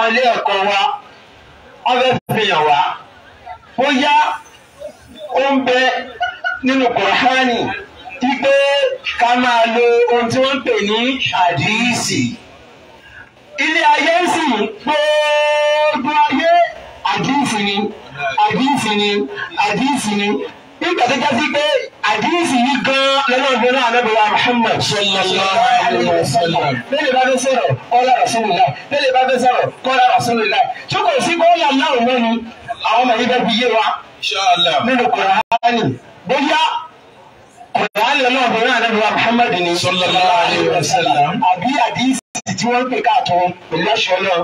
àwọn ilé ẹ̀kọ́ wa wọ́n fẹ́ fihàn wá bóyá ó ń bẹ nínú kùránì wípé ká máa lo ohun tí wọ́n ń pè ní àdìsí. ilé ayé ń sìn gbogbo ayé àdìsí ni àdìsí ni àdìsí ni nígbà tó jásí pé àdíyèsí yìí gan lọ́lọ́gbọ́n náà lọ́bẹ̀wá Muhammad sallallahu alaihi wasallam bẹ́ẹ̀ bá fẹ́ sọ̀rọ̀ kọ́lá rasulillah bẹ́ẹ̀ bá fẹ́ sọ̀rọ̀ kọ́lá rasulillah tí kò sí kọ́lá náà lọ́nu àwọn ọmọ yìí bẹ́ẹ̀ fi yé wa nínú kùránì bóyá kùránì lọ́lọ́gbọ́n náà lọ́bẹ̀wá Muhammad ni sallallahu alaihi wasallam àbí àdíyèsí tí wọ́n pè káàtó ìlọ́ṣọ́ náà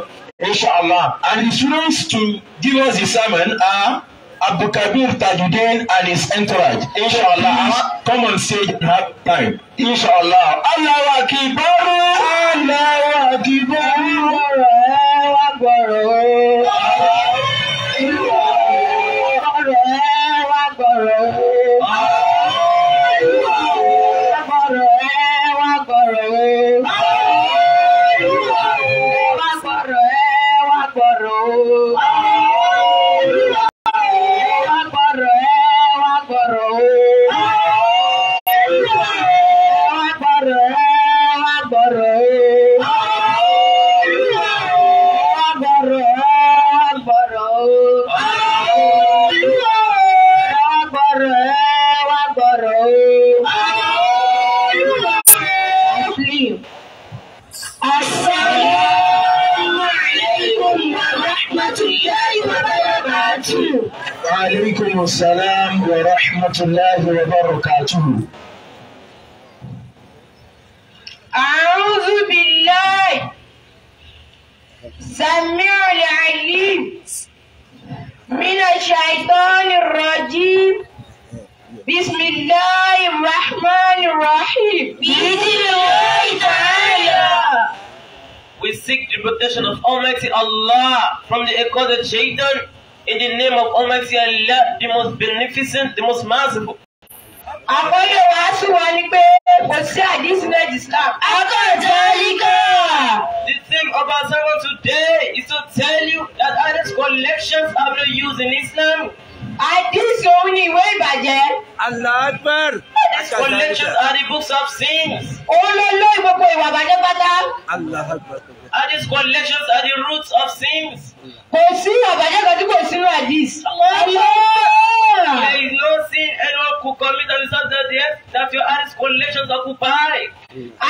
inshallah and the students to give us the sermon are. Uh, Abdulkabir Tajudeen and his entourage. Inshallah, come on stage that time. Inshallah. Allah Akbar. Allah Akbar. Allah Akbar. Allah from the accord of Shaitan in the name of Almighty Allah, the most beneficent, the most merciful. Àkọ́lé wàásù wa ni pé kò sí àdísí náà Islam. Akọ̀tàlíkà. The thing of our sermon today is to tell you that all these collections have no use in Islam. Àdìsí òun ni ìwé ìbàjẹ́. Allahu Akbar. These collections are the books of sins. Òun ló lóyún gbogbo ìwà ìbàjẹ́ pátá. Allahu Akbar. And these collections are the roots of sins. Hmm. Kò sí àbàjẹ́ kan tí kò sínú àdìs. There is no sin anyone could commit on the Saturday that your hmm. hadith collections occupy.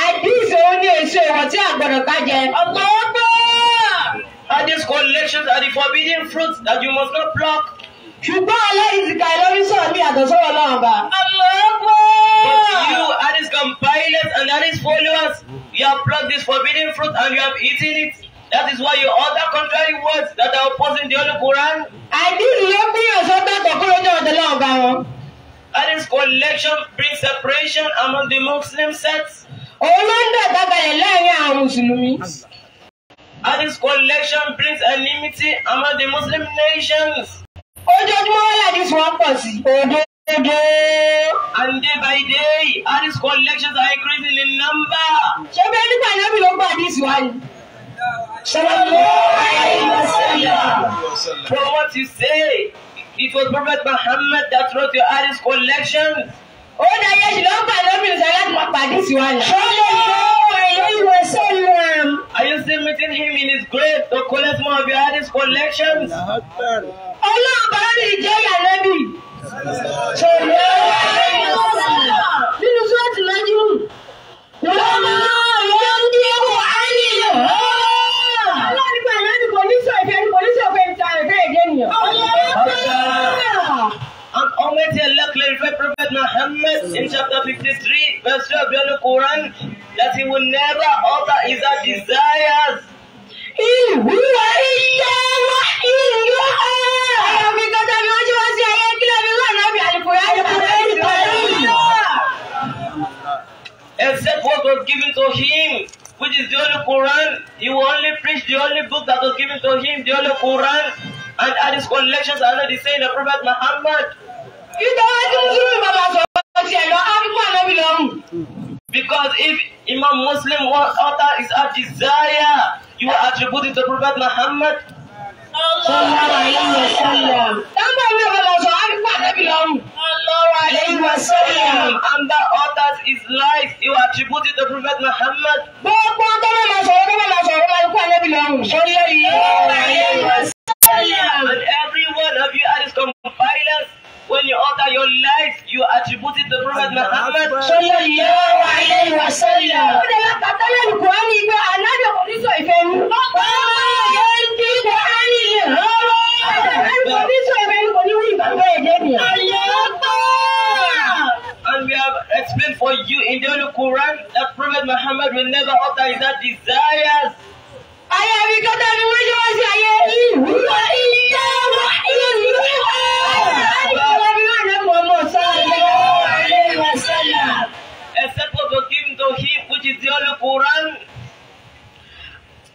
Àdìs òun ni èso ìwọ̀n tí a gbọ́dọ̀ ká jẹ. Allahu Akbar. Hmm. these collections are the forbidden fruits that you must not pluck ṣùgbọ́n aláìsíkà ẹlọ́rísọ̀ ní àtọ̀sọ́rọ̀ náà bá. But you and his compilers and and his followers, you have plucked this forbidden fruit and you have eaten it. That is why you utter contrary words that are opposing the Holy Quran. Àìdílù ló gbìyànjú sọ́gbà kòkòrò ní ọ̀dọ̀ náà bá wọn. And his collection brings separation among the Muslim sects. Òun ló ń dàgbàgbàlẹ̀ láàrin àwọn Mùsùlùmí. And his collection brings enmity among the Muslim nations ojoojúmọ́ wọ́n yàrá ìdísùn wọn pọ̀ sí òdodo. and day by day all hadith collections are increasing in number. ṣé bí ẹni pàdé mi ló gbà àdísùn wa ni. From what you say, it was Prophet Muhammad that wrote your hadith collection. ó dá yẹ ṣì ló ń pàdé mi sọ láti máa pàdé sí wa ni. ṣọlá ìlú ìwé sọ́lá. Are you still meeting him in his grave? of your hardest collections. Ọlọ́run bá rí ìjẹ́ yàrá bì. Ṣòro nínú sọ́ọ̀tì lọ́jú. Wọ́n máa ń yọ ń dí ẹ̀wọ̀ ayé lọ. Ọlọ́run nípa ìlú ẹni kò ní sọ ìfẹ́ ẹni kò ní sọ ìfẹ́ ìta ẹ̀fẹ́ ìdí ènìyàn. And Almighty Allah clarified Prophet Muhammad in chapter fifty-three, verse twelve of the Quran that he will never alter his desires Except what was given to him, which is the Holy Quran. He only preach the only book that was given to him, the Holy Quran. And his collections, Allah is saying the Prophet Muhammad. Because if Imam Muslim wants utter is a desire You attributed to Prophet Muhammad. Sallallahu alayhi wa sallam. And the others is lies. You attributed to Prophet Muhammad. Gbogbo ọdọ́rọ̀ máa sọ̀rọ̀ And every one of you are is compilers after your life you attributed the prophet Muhammad sallallahu alayhi wa sallam. ó lè lọ pàtó lẹ́nu kò ní ibẹ̀ ànábì kò ní sọ ìfẹ́ nu. ọ̀pọ̀ ọ̀yọ́ kí kò á ilé rọ́rọ́. ànábì kò ní sọ ìfẹ́ nu kò ní wúlò ìgbàgbọ́ ẹ̀jẹ̀ mi. ayé ọ̀pọ̀. And we have explained for you in the Holy Quran that Prophet Muhammad will never alter his desires. Ayé àbíkọ́tà ni wọ́n ṣe wá sí ayé ìwúrọ̀ ìyá. wasallam, except for the kingdom of Him which is the Holy Quran.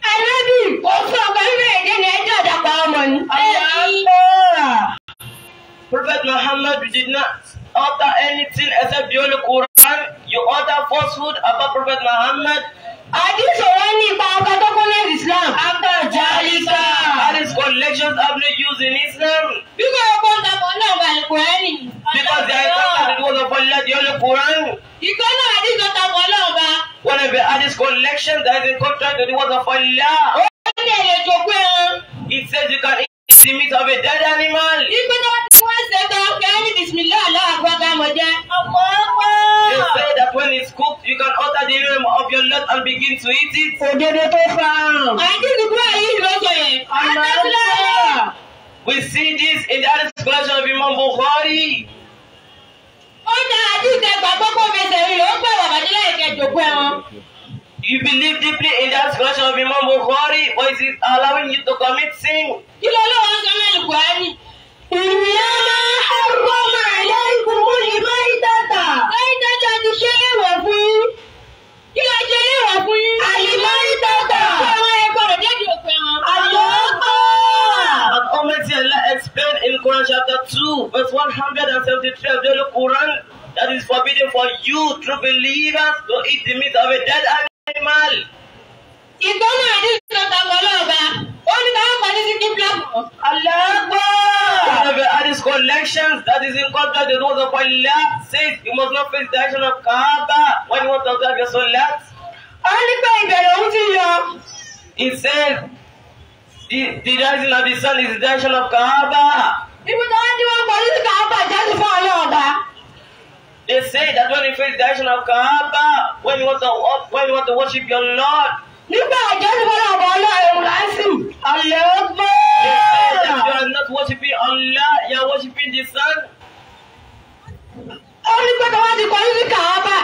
Ànábì kò fún ọgbà nínú èdè ní ẹjọ́ àdàpọ̀ ọmọ ni. ejo Prophet Muhammad did not utter anything except the Holy Quran. You utter falsehood about Prophet Muhammad. Adisoro ní ipa ọkàn tó kún ní Islam. After Jalika. That is collections of the Jews in Islam. Bíkọ́ ọkọ̀ ń takọ̀ náà wà ní Kùránì. Because they are important in the word of Allah, the only Quran. Ìkọ́ náà àdìsọ takọ̀ náà wá. One of the Hadith collections that is in contract to the word of Allah. Ó ní ẹ̀rẹ̀ ìjókòó ẹran. It says you can the meat of a dead animal. Even though the one set up carry Bismillah Allah Akbar Moja. They say that when it's cooked, you can utter the room of your Lord and begin to eat it. Ògèdè tó fàrùn. Àti ìdúgbò yìí lóko yẹn. Àlọ́ We see this in the Hadith collection of Imam Bukhari. Ó dára dídẹ̀ gbàgbọ́ kó fẹsẹ̀ rí i, ó gbẹ̀rọ̀ bàjẹ́ láì kẹjọ pé wọn. You believe deeply in that version of Imam Bukhari, but it is allowing you to commit sin. Kí ló ló wọn sọ́nà Bukhari? Ìrìnà máa ń hàrọ̀ máa yẹ ìkùnkùn ní Máìtàtà. Máìtàtà ti ṣe é wọ̀ fún yín. Kí ló ṣe é wọ̀ fún yín? Àyè Máìtàtà. Ṣé àwọn Almighty Allah explained in Quran chapter 2, verse 173 of the Quran that is forbidden for you, true believers, to eat the meat of a dead animal animal. ìgbọ́nà àdìsí ọ̀tà wọlọ́ọ̀ba ó ní káwọn kan ní síkí bílọ̀kù. alágbó. One of the hadith collections that is in contrast to those of says you must not face the action of Kaaba when you want to observe your salat. Ó ní pé ìbẹ̀rẹ̀ òun ti yọ. He says the the rising of the sun is the direction of Kaaba. Ibi tí wọ́n ti wọ́n kọ́ sí Kaaba jáde fún ọlọ́ọ̀ba. They say that when you face the direction of Kaaba, when you want to when you want to worship your Lord. Nígbà àjọṣepọ̀lá ọ̀bọ̀ ọlọ́run láìsí àlẹ́ ọgbọ́n. They say that you are not worshiping Allah, you are worshiping the sun. Ó ní pé tọ́wọ́ ti kọjú sí Kaaba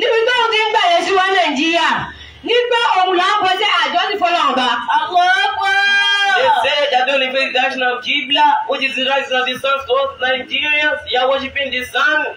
níbi tó ń ti ń gbàyẹ̀ sí wa Nàìjíríà. Nígbà òun là ń pẹ́ sí àjọṣepọ̀lá ọ̀bà. Àwọn ọgbọ́n. They say that when you face the direction of Qibla, which is the rising of the sun towards Nigerians, you are worshiping the sun.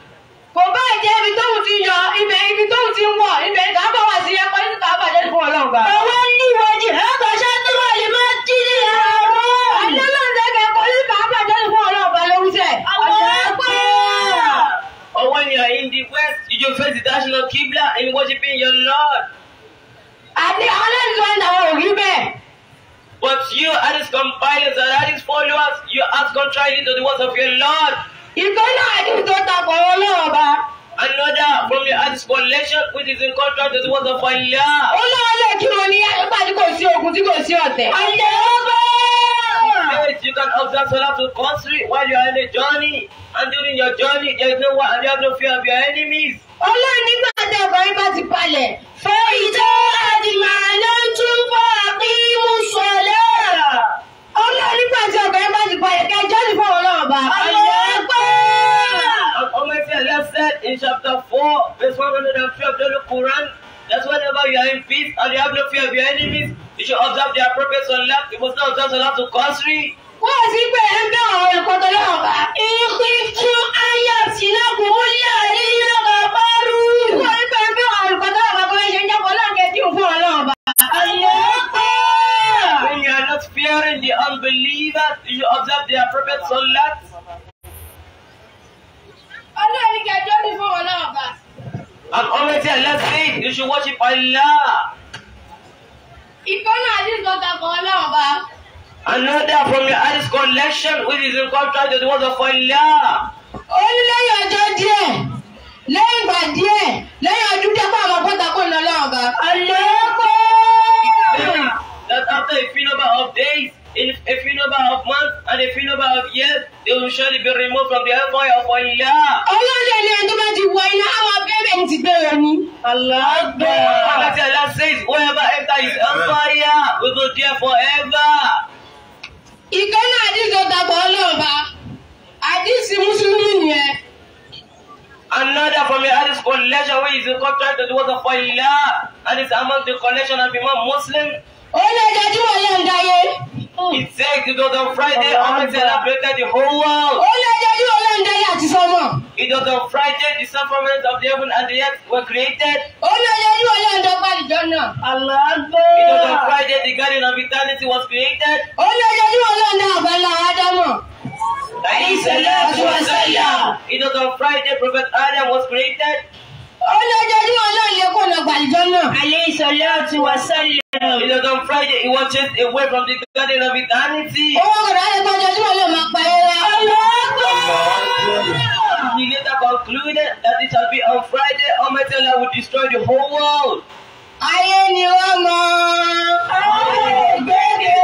kò bá ìjẹ́ ibi tóun ti yọ ibẹ̀ ibi tóun ti ń wọ̀ ibẹ̀ ìdábọ̀ wà sí ẹ̀kọ́ nítorí àwọn àjẹ́ fún ọlọ́run gbà. àwọn oníwájú ẹ̀kọ́ ṣáàtúwà lè má jí ní àárọ̀. àdéhùndẹ́gbẹ̀ kò ní kà á bàjẹ́ fún ọlọ́run gbà lórúkẹ́. àwọn ẹgbẹ́. Or when you are in the west, you just face the national Qibla in worshiping your Lord. Àti ọlọ́run ń àwọn òrí bẹ́ẹ̀. But you, as compilers and as followers, you are contrary to the words of your Lord. Ìkọ́lá àdìsí tó takò àwọn ọlọ́run ọba. Another from the hadith collection which is in contrast with the words of Allah. Ó lọ́wọ́ lè kí wọn ní nípa tí kò sí ogun tí kò sí ọ̀tẹ̀. Àlẹ́ ọba. Yes, you can observe Salah to country while you are in a journey. And during your journey, there is no one and you have no fear of your enemies. Ọlọ́run nígbà tí ọkùnrin bá ti palẹ̀. Fọ ìjọ àdìmọ̀ àná tún fọ àpínmú sọ̀lẹ́. Ọlọ́run nígbà tí ọkùnrin bá ti palẹ̀ kẹjọ́ ní fún ọlọ́ọ̀bà. Àlọ́ ọgbà. recorded in chapter 4, verse 112 of the Quran, That's whenever you are in peace or you have no fear of your enemies, you should observe their purpose on love. You must not observe Allah to contrary. Wọ́n á sì pé ẹ̀ ń bẹ́ àwọn ìkọ̀tọ̀ náà bá. Ìkú ìtú ayé àti iná kò mú ní àárín iná bá bá rú. Wọ́n á sì pé ẹ̀ ń bẹ́ àwọn ìkọ̀tọ̀ náà bá kọ́ ẹ̀ṣẹ̀ ń jábọ̀ láǹkẹ́ tí òfin wọn náà bá. Ayé pé. When you are not fearing the unbelievers, you observe their prophets on that. Ọlọ́run kẹjọ́ ní fún wọn náà bá. And Almighty Allah said, you should worship Allah. Ìkọ́nà àdìsọ́ takọ̀ ọlọ́run bá. Another from your eyes collection which is in contrast to the words of Allah. Ó ní lẹ́yìn ọjọ́ díẹ̀, lẹ́yìn ìgbà díẹ̀, lẹ́yìn ọdún díẹ̀ fún àwọn ọ̀pọ̀ta kò ní ọlọ́run bá. Àlẹ́ kọ́. That after a few number of days, If a few number of months and if you know about year, they will surely be removed from the hellfire of Allah. Oh ni ẹni tó bá ti wọ iná, àwọn abẹ́rẹ́ ẹni ti gbẹ̀rẹ̀ ni. Aláàbẹ̀. Àti Allah says, whoever enters his hellfire, we will there forever. Ìkànnì àdìsí ọ̀dàgbọ̀ ọlọ́ọ̀bá, Muslim. Mùsùlùmí nìyẹn. Another from the Hadith collection which is in contract to the word of Allah and it's among the collection of Imam Muslim ó lè yẹn ń dayé. He said it was on Friday Almighty celebrated the whole world. Ó lè yẹn ń dayé àti sọmọ. It was on Friday the sacraments of the heaven and the earth were created. Ó lè yẹn ń dọ́gba àdìjọ náà. Àlàáfẹ́. It was on Friday the garden of eternity was created. Ó lè yẹn ń dá àbálá Ádámọ̀. It was on Friday Prophet Adam was created olójoojúmọ́ náà on Friday he was watches away from the garden of eternity. Oh kọ̀dọ̀ ayé kan ojoojúmọ́ ló máa pa ẹ̀rọ. Ọlọ́gbọ́n. He later concluded that it shall be on Friday Almighty Allah will destroy the whole world. Ayé ni wọ́n mọ̀. Ayé gbẹ́gẹ́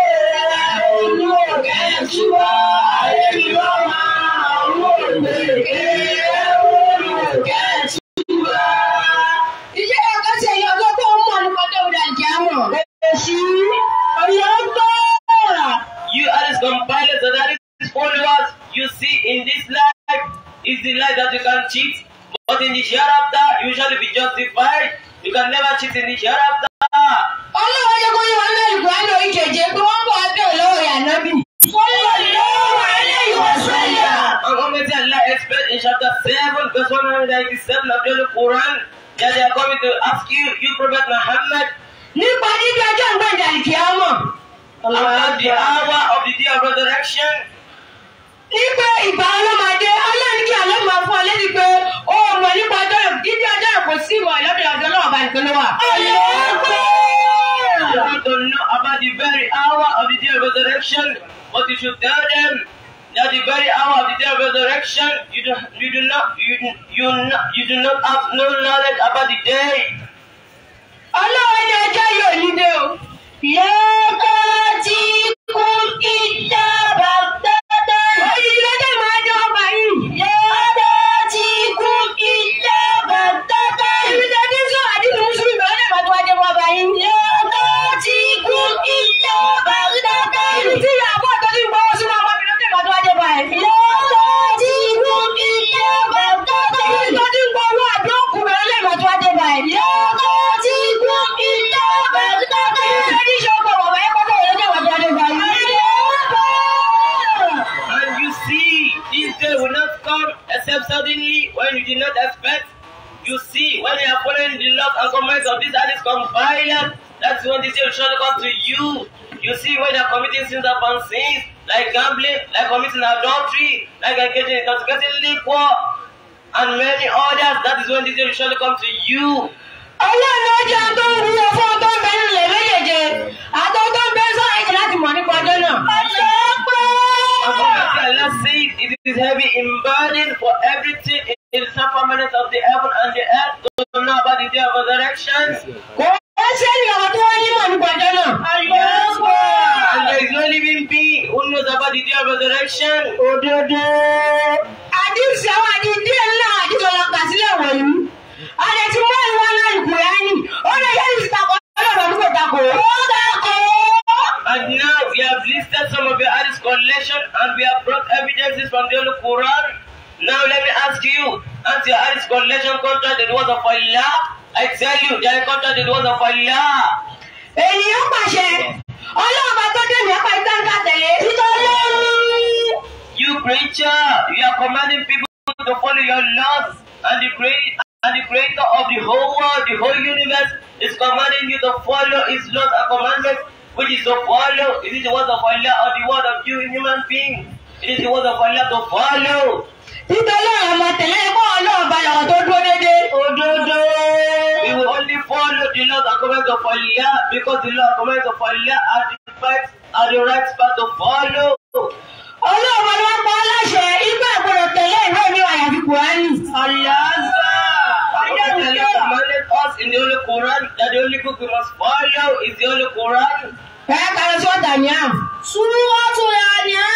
ìlú òkè ṣùgbọ́n ayé ni wọ́n mọ̀. you, you, you do not have no knowledge about the day committing adultery, like engaging in consecrating liquor, and many others, that is when this will shall come to you. Ọlọ́run ló jẹ́ tó ń wúwo fún ọtọ́ mẹ́rin lè méjèèjì. Àtọ́ tó ń bẹ́ sọ́ọ̀ ẹ̀jẹ̀ láti mọ̀ nípa ọjọ́ náà. Ọjọ́ pé. Ọjọ́ pé. Allah said it is heavy in burden for everything is the permanence of the heaven and the earth to not about the day of resurrection. Ó ṣe ní ọ̀rọ̀ tó wáyé wọ̀ nípa And there is no living being who knows about the day of resurrection. Òdodo. Àdìsí àwọn àdìdí ńlá àdìsọ la kà sílẹ̀ wọ̀nyí. Ọ̀rẹ́ tí wọ́n ń wọ́n láì kú yá ni. And now we have listed some of your Hadith collection and we have brought evidences from the Holy Quran. Now let me ask you, until your eyes collection contract the words of Allah, I tell you, they contract the words of Allah. Ènìyàn pàṣẹ, Ọlọ́run bá tó dé mi ọ̀pá ìtàǹkà tẹ̀lé. Nítorí. You preacher, you are commanding people to follow your laws and the great and the creator of the whole world, the whole universe is commanding you to follow his laws and commandments, which is to follow, is it the words of Allah or the words of you human beings? It is the word of Allah to follow. Nítorí àwọn ọmọ tẹ̀lé ẹ̀kọ́ ọlọ́ọ̀ba làwọn tó dúró dédé. Òdodo. We will only follow the Lord according to Allah because the Lord according to Allah are the right are the right path to follow. Ọlọ́ọ̀ba ló ń pa ọ́ láṣẹ igbá àgbọ̀dọ̀ tẹ̀lé ìwé mi àyàfi Kùránì. Àyàzá. Ayélujára commanded us in the Holy Quran that the only book we must follow is the Holy Quran. Bẹ́ẹ̀ ká lọ sí ọ̀dà ni à. Súnmọ́ tún yà ni à.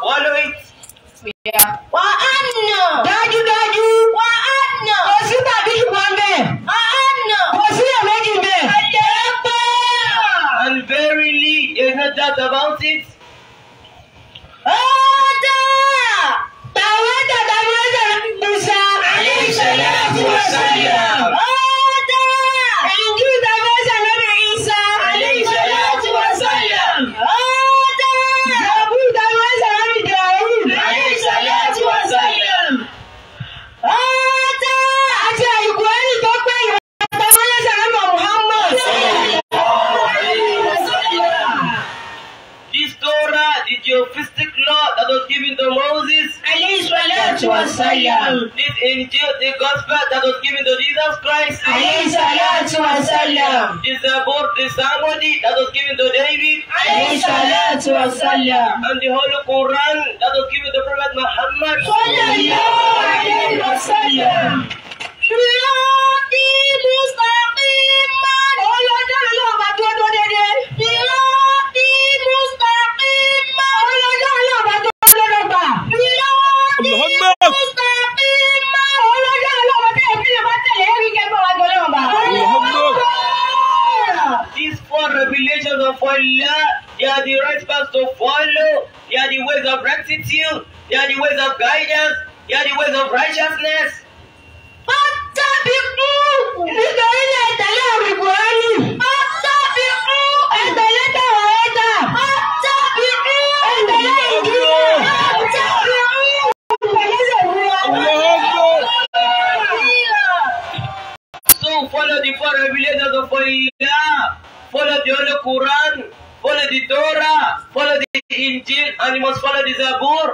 olha, hein? the Geophysical law that was given to Moses. Alayhi salatu wasalam. This in the gospel that was given to Jesus Christ. Alayhi salatu wasalam. This about the ceremony that was given to David. Alayhi salatu wasalam. And the Holy Quran that was given to Prophet Muhammad. Sallallahu alayhi wasallam. Riyadi are the right paths to follow. They are the ways of rectitude. They are the ways of guidance. They are the ways of righteousness. Ó tàbí kú nítorí ẹ̀dá láwùjọ rí. Ó de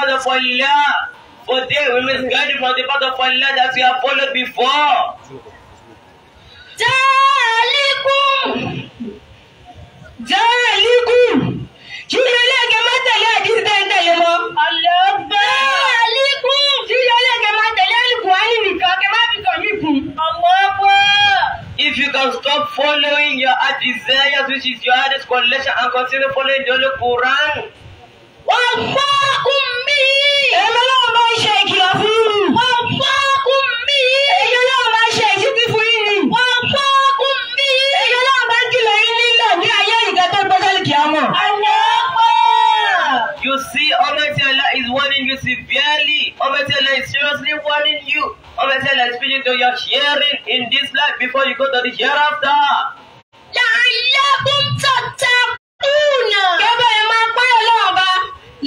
path of Allah. For they will misguide from the path of Allah that we have followed before. Jalikum. Jalikum. kí If you can stop following your heart desires which is your heart's collection and consider following the Holy Quran. ọgbọ́n. you severely. Obatella is seriously warning you. Obatella is speaking to your sharing in this life before you go to the hereafter. La'allakum tattaquna. Kẹ́bẹ́ ẹ máa pẹ́ ọlọ́run ọba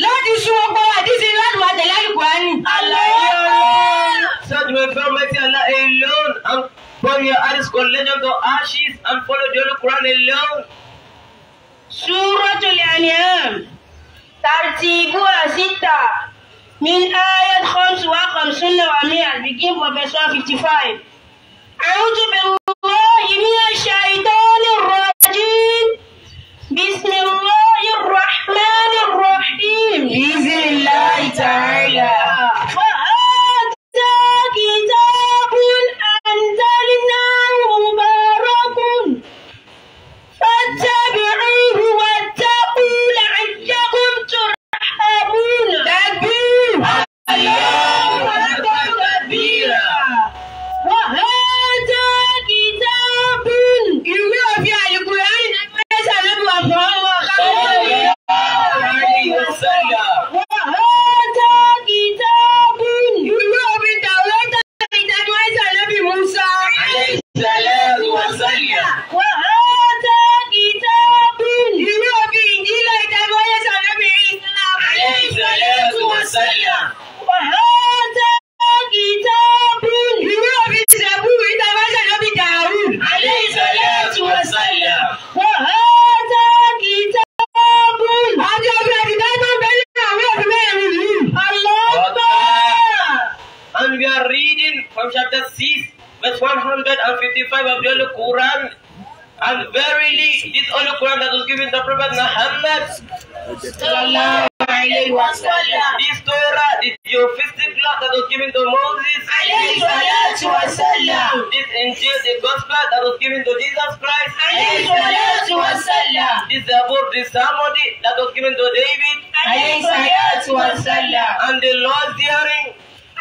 láti sún ọgbọ́n àdísí láti máa tẹ̀lé àlùkùránì. Àlàyé ọlọ́run. Such may ferment من آية خمس وخمسون ومئة begin for verse 155 أعوذ بالله من الشيطان الرجيم بسم الله الرحمن الرحيم بإذن الله تعالى And we are reading from chapter 6, verse 155 of the Holy Quran. And verily, this Holy Quran that was given to Prophet Muhammad. This Torah, this Theophistic law that was given to Moses. This Injil, the Gospel that was given to Jesus Christ. This Zabur, this Samodi that was given to David. And the Lord's hearing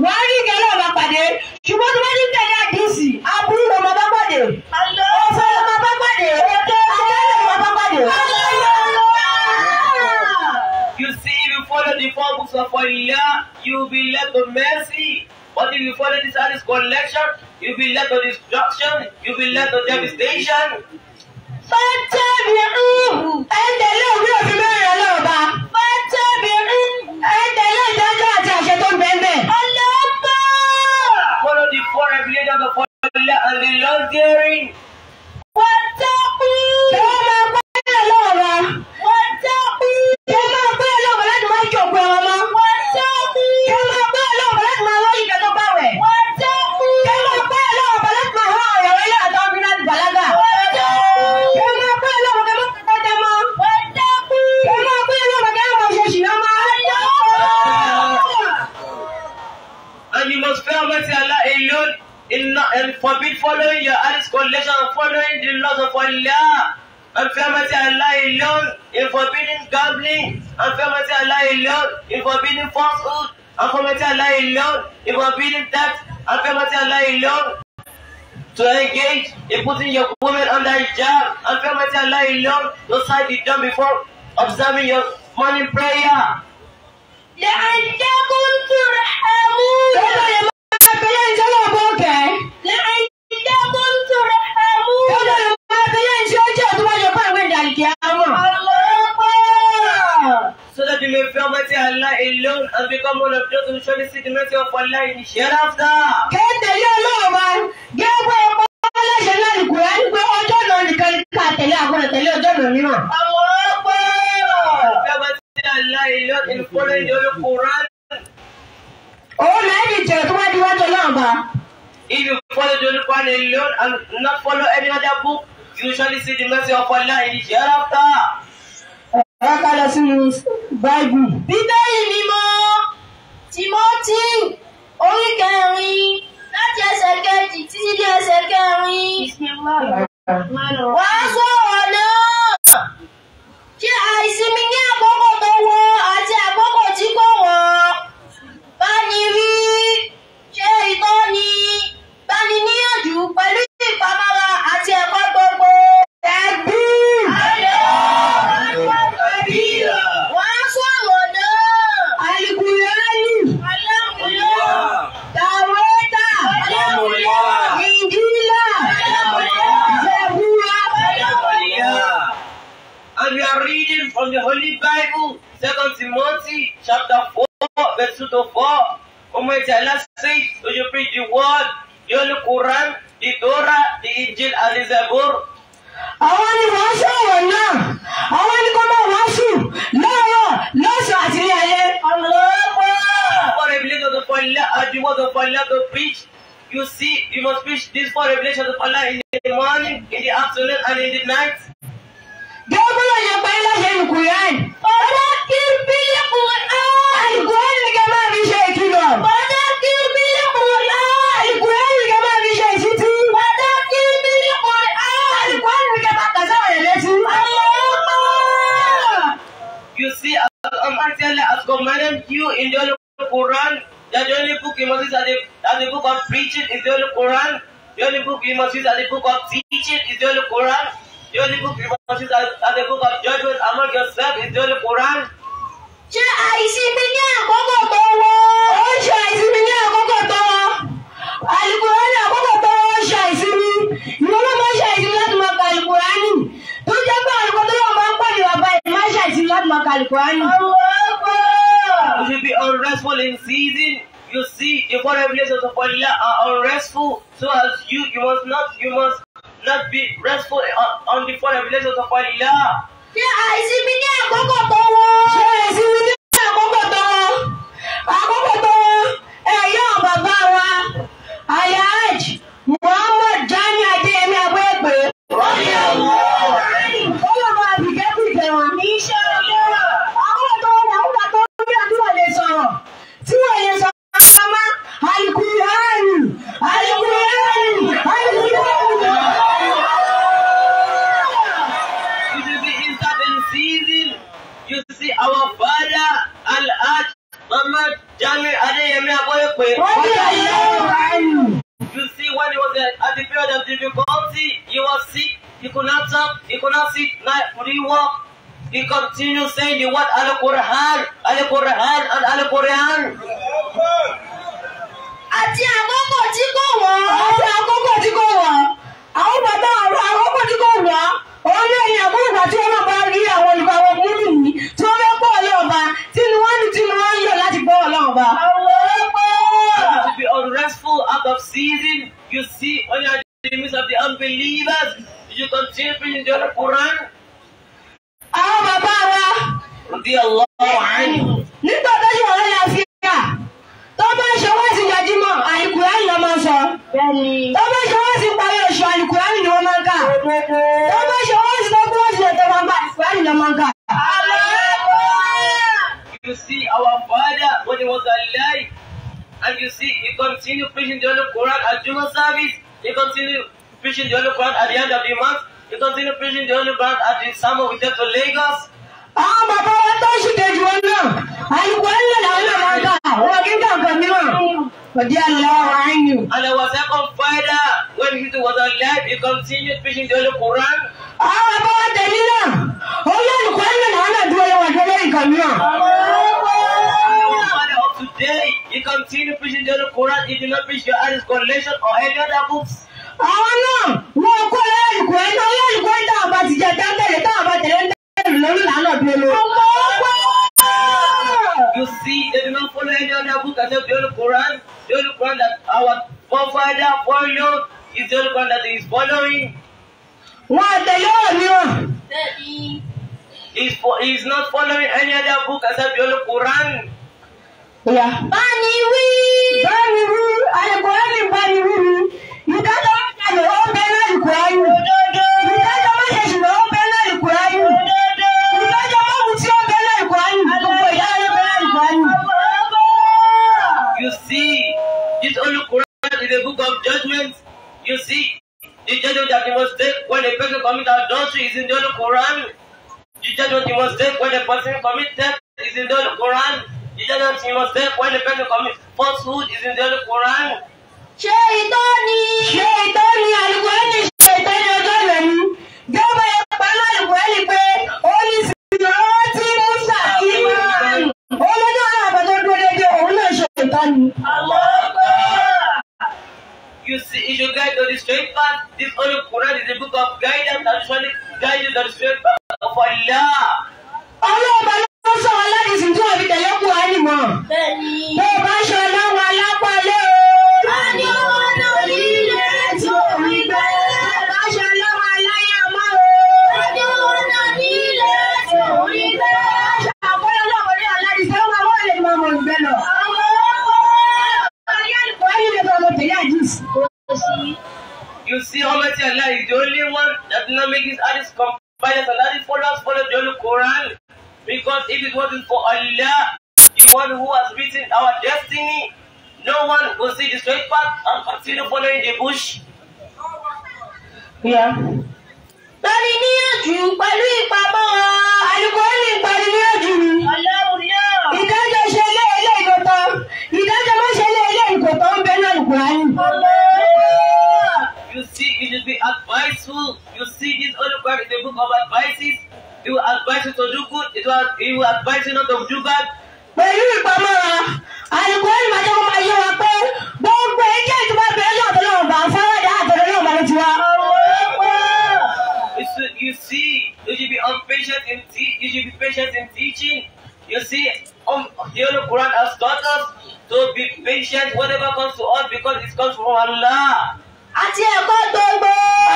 buhari kí ọlọ́run bá pàdé ṣùgbọ́n tí wọ́n ti tẹ̀lé àdìsí aburú ló máa bá pàdé ọ̀fẹ́ ló máa bá pàdé ọ̀tẹ́ ló máa bá pàdé. You see, if you follow the four of Allah, you will be led to mercy. But if you follow this hadith collection, you will be led to destruction, you will be led to devastation. Fẹ́tẹ̀ mi ń ẹ̀ẹ́dẹ̀ lé òbí òfin mẹ́rin ọlọ́ọ̀ba. Bulgarian of Allah and fear Allah alone in forbidding gambling, and fear Allah alone in forbidding falsehood, and fear Allah alone in forbidding that, and fear Allah alone to engage in putting your woman under hijab, and fear Allah alone to side it down before observing your morning prayer. لعلكم ترحمون live fervently Allah alone and become one of those who surely see the mercy of Allah in hereafter. Kéde yóò lọ́wọ́ wa, gẹ́gbẹ́ ọmọ ọlọ́ṣẹ́ náà ní kùrẹ́ ní pé ọjọ́ náà nìkan ká tẹ̀lé àwọn ìtẹ̀lé ọjọ́ náà mìíràn. Àwọn ọ̀pọ̀ fervently Allah alone in following the Holy Quran. Òun náà ní ìjọ tó wá di wájú ọlọ́run bá. If you follow the Quran alone and not follow any other book, you surely see the mercy of Allah in hereafter ẹ ká sínú báìbù. bíbélì mímọ́ timothy orí kẹrin láti ẹsẹ̀ kejì títí dé ẹsẹ̀ kẹrin. wàá sọ̀rọ̀ náà kí àìsinmi ní àkókò tó wọ́ àti àkókò tí kò wọ́ bá ní rí ṣe ìtọ́ni bá ní níyànjú pẹ̀lú ìpamọ́ra àti ẹ̀kọ́ gbogbo. Ẹ̀bùn. Ayọ̀. Àbí wọ́n sọ̀rọ̀ náà. Àlùkùránì. Alámúyọ̀. Tàwọ́tà. Alámúyọ̀. Ìnjílà. Alámúyọ̀. Zẹ̀búra. Alámúyọ̀. And we are reading from the Holy Bible, Second Timothy chapter four, verse 2 to 4. Almighty Allah says, so you preach the word, the Holy Quran, the Torah, the Injil, and the Zabur, àwọn ni wọ́n ṣọ̀wọ̀ náà àwọn ni kò máa wá sùn láàárọ̀ lọ́sàn àti ní ayé. For revelation of Allah, uh, the word of Allah to preach, you see, you must preach this for revelation of Allah in the morning, in the afternoon, and in the night. Gbẹ́gbẹ́ yẹn pa ẹ́ láṣẹ ìkùrán. Ọ̀dọ́ kí n bí ìkùrán. Ìkùrán ni kẹ́ máa fi ṣe ìkìlọ̀. Ọ̀dọ́ kí n bí. Allah Ta'ala has commanded you in the Holy Quran that the only book you must use as the, as the book of preaching is the Holy Quran. The only book you must use as the book of teaching is the Holy Quran. The only book you must use as, as the book of judgment among yourself is the Holy Quran. ṣé àìsí mi ní àkókò tó wọ́ ó ṣe àìsí mi ní àkókò tó wọ́ alukurani àkókò tó You should be unrestful in season. You see, the four revelations of Allah are unrestful. So as you, you must not, you must not be restful on, on the four revelations of Allah. Ṣé àìsinmi ní àkókò tó sinu sai ni wat al qur'an kùránì nígbà tó ṣe ọ̀rẹ́ yẹn fi rà tó bá ṣe wá sí jajúmọ̀ àlùkùránì ló máa sọ tó bá ṣe wá sí parí oṣù àlùkùránì ni wọ́n máa ń kà tó bá ṣe wá sí tó bá ṣe máa ń kà àlùkùránì ló máa ń kà. You see our father when he was alive, and you see he continued preaching the Holy Quran at Juma service. He continued preaching the Quran at the end of the month. He continued preaching the Holy Quran at the summer we took to Lagos àwọn ah, bàbá wa tó ń ṣìkejì wọn náà àlùkò ẹ̀ lọ́la wọn náà máa gbà wọn But dear Allah, I knew. And I was circumfied when he was alive. He continued preaching the Holy Quran. Àwọn ah, bàbá wa tẹ̀lé náà, ó yẹ àlùkò ẹ̀ lọ́la wọn náà dúró yẹ wọn dúró nǹkan mìíràn. Today, he continued preaching the Holy Quran. He did not preach your Hadith correlation or any other books. Àwọn náà, wọn kọ́ ẹ̀ àlùkò ẹ̀ náà, ó yẹ àlùkò ẹ̀ náà bá ti jẹ tán bíbélì lórí ìlànà dúró. ọmọ ọgbà. You see, they do not follow any other book except the Holy Quran. The Quran that our forefather followed is the Holy Quran that he is following. Wọ́n àtẹ̀lé òní o. He's for, he's not following any other book except the Holy Quran. Báni wí. Báni wí, àyẹ̀kọ́ Is salaries, compile salaries for us for the Holy Quran. Because if it wasn't for Allah, the one who has written our destiny, no one will see the straight path and continue following the bush. Yeah. Pẹ̀lú ní ojú, pẹ̀lú ìpamọ́, àlùkò ní you should be adviseful. You see this holy Quran is a book of advices. It will advise you to do good. It will, it will advise you not to do bad. Pẹ̀lú ìpamọ́ra, àìkú ẹ̀rí máa jẹ́ kó máa yé wa pé gbogbo ẹ̀jẹ̀ ìjọba ìbẹ̀rẹ̀ yóò tó lọ́wọ́ bá fẹ́rẹ́ dá àtọ̀rẹ́ náà bá ló ti wá. You see, you should be patient in te- you should be patient in teaching. You see, um, the Holy Quran has taught us to be patient whatever comes to us because it comes from Allah àti ẹ̀kọ́ gbogbo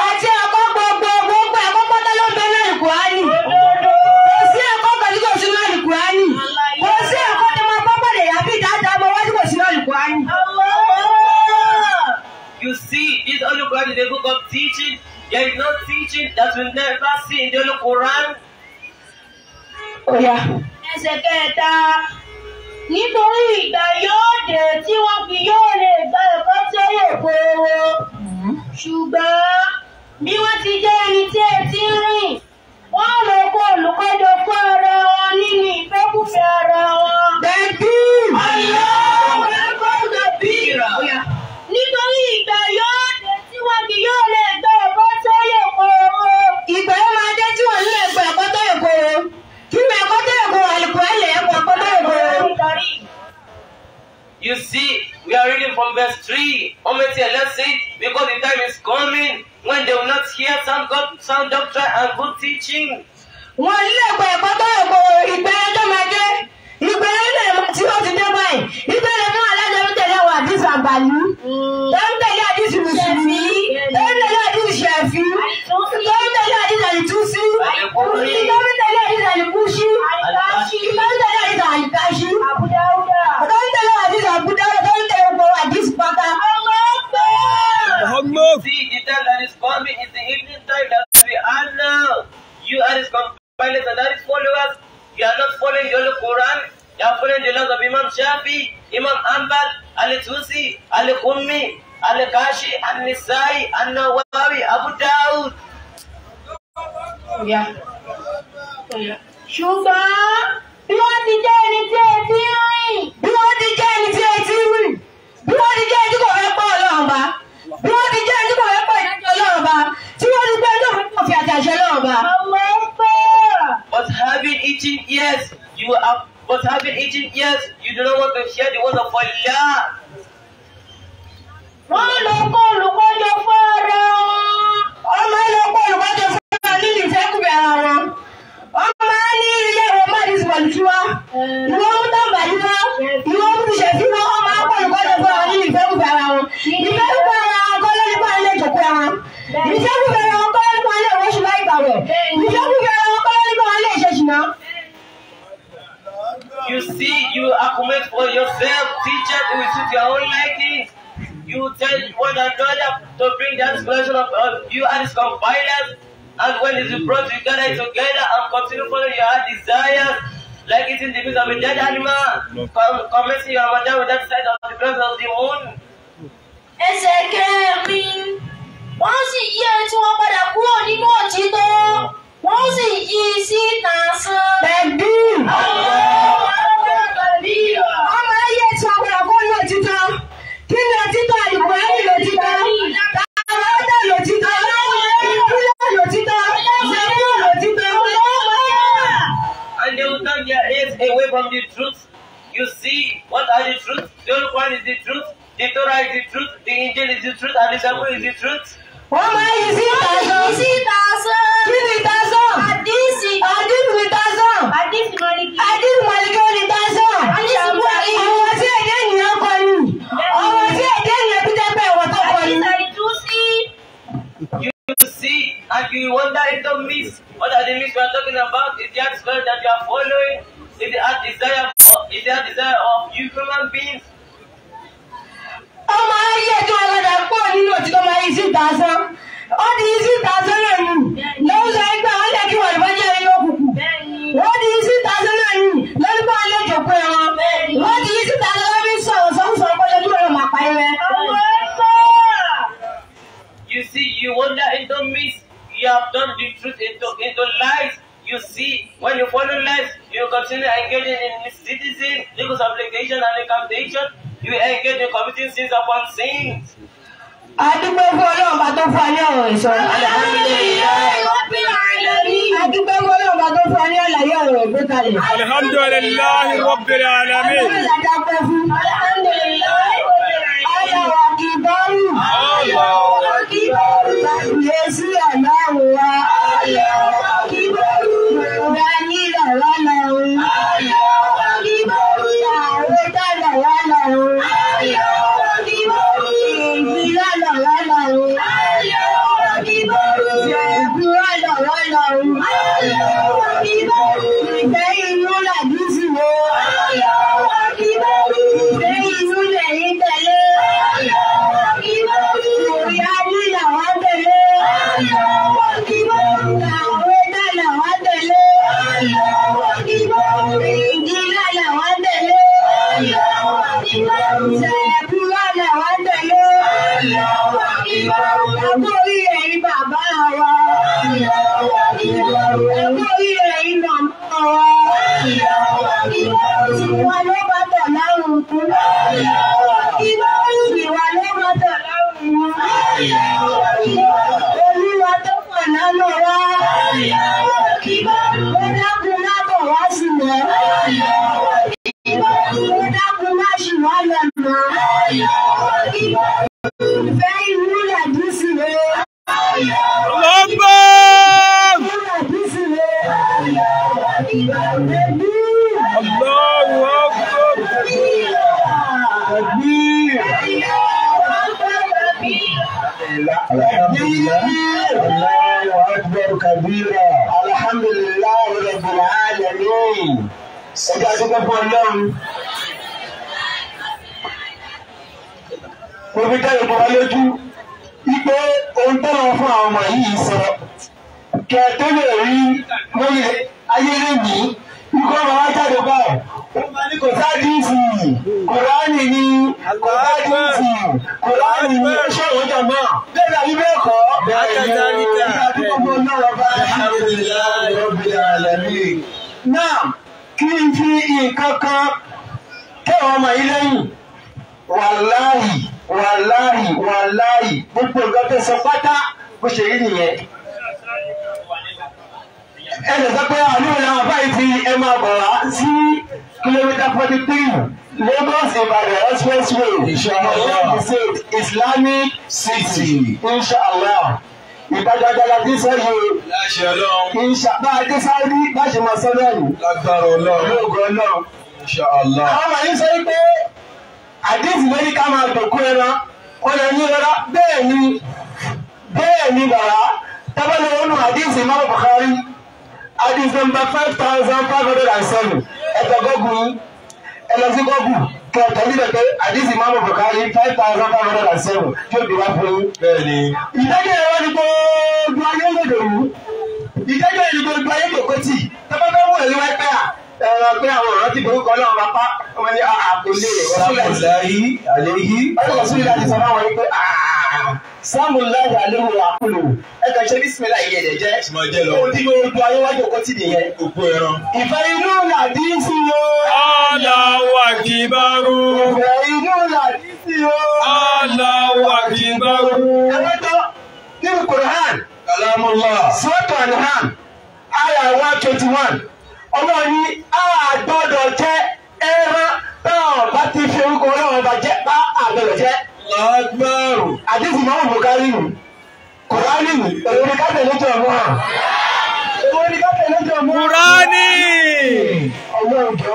àti ẹ̀kọ́ gbogbo gbogbo ẹ̀kọ́ pátá ló ń bẹ lórí kùránì kò sí ẹ̀kọ́ pẹ̀lú kò sí lórí kùránì kò sí ẹ̀kọ́ tó máa bá pàdé àbí dáadáa mọ wájú kò sí lórí kùránì. You see, this only Quran is a book of teaching. There is no teaching that we never see in the Holy Quran. Oya. Ẹsẹ̀ kẹta, nítorí ìgbà yóò dé tí wọ́n. ṣùgbọ́n bí wọ́n ti jẹ́ ẹni tí etí ń rìn wọ́n lọ kó olùkọ́jọ fún ara wọn nínú ìfẹ́kùfẹ́ ara wọn. bẹ́ẹ̀ni àyà ọ̀rẹ́gbọ́dọ̀ bí ìrà. nítorí ìgbà yóò dé tí wọn kì yóò lè gbẹ ẹ̀kọ́ tó yẹ kóró. ìgbà yóò máa dé tí wọn lè gbẹ ẹ̀kọ́ tó yẹ kóró. kí ni ẹ̀kọ́ tó yẹ kóró àlùkò ẹ̀ ẹ̀kọ́ ẹ̀kọ́ tó yẹ kóró. You see, we are reading from verse three. ọmọ ti ẹ̀ lẹ́sìn because the time is coming when they will not hear sound, God, sound doctrine and good teaching. Wọ́n ilé ẹ̀kọ́ ẹ̀kọ́ tó ẹ̀kọ́ ìgbẹ́ ẹjọ́ máa dé. Ìgbẹ́ ilé ẹ̀kọ́ tí ó ti dé báyìí. Ìgbẹ́ ilé fún alájọ ń tẹ̀lé àwọn àdìsí àgbàlú. Ó ń tẹ̀lé àdìsí mùsùlùmí. Ó ń tẹ̀lé àdìsí ṣẹ̀fí. Ó ń tẹ̀lé àdìsí àlìtúsí. Ó ń tẹ̀lé àdìsí àlìkúṣí. Ó ń tẹ̀lé àdìsí àlìkáṣí. Ó ń tẹ̀lé àdìsí àbúdá. Ó ń tẹ̀lé àdìsí pátá. Allah. See, he told that his coming is the evening time that we are now. You are his compilers and are followers. You are not following your Quran. You are following the laws of Imam Shafi, Imam Anbar, Al-Tusi, Al-Qummi, Al-Kashi, Al-Nisai, Al-Nawawi, Abu Dawud. Yeah. Yeah. ṣùgbọ́n bí wọ́n ti jẹ́ ẹni tí ẹ ti rìn. bí wọ́n ti jẹ́ ẹni tí ẹ ti rìn. bí wọ́n ti ọba. But having eaten yes, you have but having eaten yes, you do not want to hear the word of Allah. Wọ́n lọ kó olùkọ́jọ fún ara wọn. Ọmọ ẹ lọ kó olùkọ́jọ fún ara nínú ìfẹ́kùnrin ara wọn. Ọmọ ẹ ní ilé ìwọ máa ní ìsìnkú wọn lè wọ́ṣù láì gbàwẹ̀ ìjọba ìjọba wọn kọ́ lórí wọn lè ṣe ṣìnà. You see, you accumulate for yourself teacher, who suit your own liking. You tell one another to bring that expression of, of you and its compilers. And when it is brought together together and continue following your desires, like it in the midst of a dead animal, com commencing your Ramadan with that side of the presence of the moon. Ẹ ṣe kẹ́ wọ́n sì yí ẹni tí padà kúrò nínú òtítọ́ wọ́n sì yí i sí nàásán. Bẹ̀bí. Ọmọ ayé tí wọ́n padà kúrò nínú òtítọ́ kí ni òtítọ́ àyùkọ́ ẹ̀mí òtítọ́. Àwọn ọ̀dọ́ lòtítọ́. Ìpínlẹ̀ lòtítọ́. Bẹ̀bí lòtítọ́. And they will turn their heads away from the truth. You see, what are the truth? The Quran is the truth. The Torah is the truth, the angel is the truth, and the Bible is the truth. Ô, mãezinha! Tá supplication and incantation, you engage in committing sins upon sins. Adúpẹ́ fún Ọlọ́run bá tó fún ayé ọ̀rọ̀ ìṣọ́. Adúpẹ́ fún Ọlọ́run bá tó fún ayé àlàyé ọ̀rọ̀ ìgbé kalẹ̀. Alihamdulilayi Rabbil Alamin. Adúpẹ́ fún Alihamdulilayi Rabbil Alamin. Ayọ̀ àkìbárù. Ayọ̀ àkìbárù. Kàbíyèsí àláwọ̀ wa. Ayọ̀ àkìbárù. Yorùbá nílò Olúwa tó fàná lọ wá. Ó dákun lábọ̀ wá sí mọ́. Ó dákun má ṣì wá lọ mọ́. gbogbo ọlọ́run. mo fi dá Yorùbá wa lójú wípé ohun tó lọ fún àwọn ọmọ yìí sọ kẹ tó lè rí lórí ayélujára ikú ọmọ wa jáde báyìí kò sádìsì kòránì ni kòsádìsì kòránì ni ṣé òun jà náà bẹ́ẹ̀ ni bẹ́ẹ̀ kọ́ bẹ́ẹ̀ ni ìgbà tó gbogbo náà lọ bá ṣàròyìn láàrin ọ̀bì àlẹ́ mi náà kí n fi nǹkan kan tẹ ọmọ yìí lẹ́yìn wàláhì wàláhì wàláhì gbogbo nǹkan tó sọ pátá bó ṣe rí nìyẹn. ẹ lè sọ pé àlùyò làwọn báyìí ti ẹ máa bọ̀ wá sí kìlómítà forty three Lagos Ibadan expressway Inshallah Islamic City Inshallah ìdájọ́dájọ́ tí sẹ́yìn o kì í ṣàbá ajé sáré bá ṣe máa sọ́dọ̀ ẹ̀rù lágbára ọlọ́run lóògùn ọlọ́run. àwọn àyè sọ pé àdéhùn mẹ́ríkà máa dòkú ẹran ó lè ní rárá bẹ́ẹ̀ ni bẹ́ẹ̀ ni bàrá tábàlì ọ̀nà àdéhùn ìmáàmù Bukhari àdéhùn nọ́mbà five thousand five hundred and seven ẹ̀tọ́ gọ́gùn ẹ̀ lọ sí gọ́gùn kẹ tẹ̀lé bẹ̀ pé àdìsí máa ń bọ̀ kárí five thousand five hundred and seven tí ó bí wá fún yín. bẹ́ẹ̀ni. ìdájọ́ ìwọ ni gbogbo ayé ń gbèdò wù ìdájọ́ ìwọ ni gbogbo ayé ń gbòkó tì tọ́pẹ́ fẹ́ wù ẹ̀ lé wáyé pẹ́ à ẹ̀rọ pé àwọn ọ̀rọ̀ ti forúkọ náà wá pa ọmọ ní àkọlé rọ̀súlàyí àléyí. ọlọ́sùlá ti sọ fún àwọn yìí pé sáàmù láyé àléwò àkúlò ẹ kàn ṣe bísímìlá yìí ẹ̀jẹ̀ jẹ́ òdi gbogbo ayé wájú ọkọ tì nìyẹn. òkú ẹran. ìfẹ́ inú làdí sí o. aláwọ̀ àkìbárò. ìfẹ́ inú làdí sí o. aláwọ̀ àkìbárò. ẹlẹ́tọ́ nínú Quran ọlọ́run ní a gbọ́dọ̀ jẹ ẹran táwọn bá ti fi orúkọ ọlọ́run bá jẹ bá àgbọ̀dọ̀ jẹ. lọ́gbọ́rù. àdéhùn máa ń kárí wù kùránì èwo ni ká tẹ̀lé jọ mọ́ èwo ni ká tẹ̀lé kùránì. ọlọ́run jọ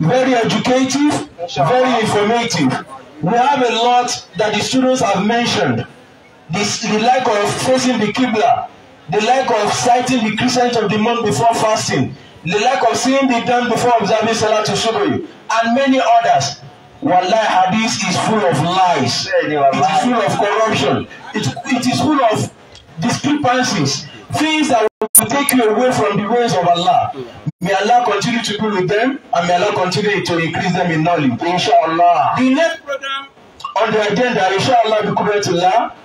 very educative, very informative. We have a lot that the students have mentioned. This, the lack of facing the Qibla, the lack of sighting the crescent of the moon before fasting, the lack of seeing the dawn before observing Salah to Subhi, and many others. Wallahi, hadith is full of lies. It is full of corruption. It, it is full of discrepancies, things that to take you away from the ways of Allah. May Allah continue to be with them and may Allah continue to increase them in knowledge. Inshallah. The next program on the agenda, inshallah, the Allah.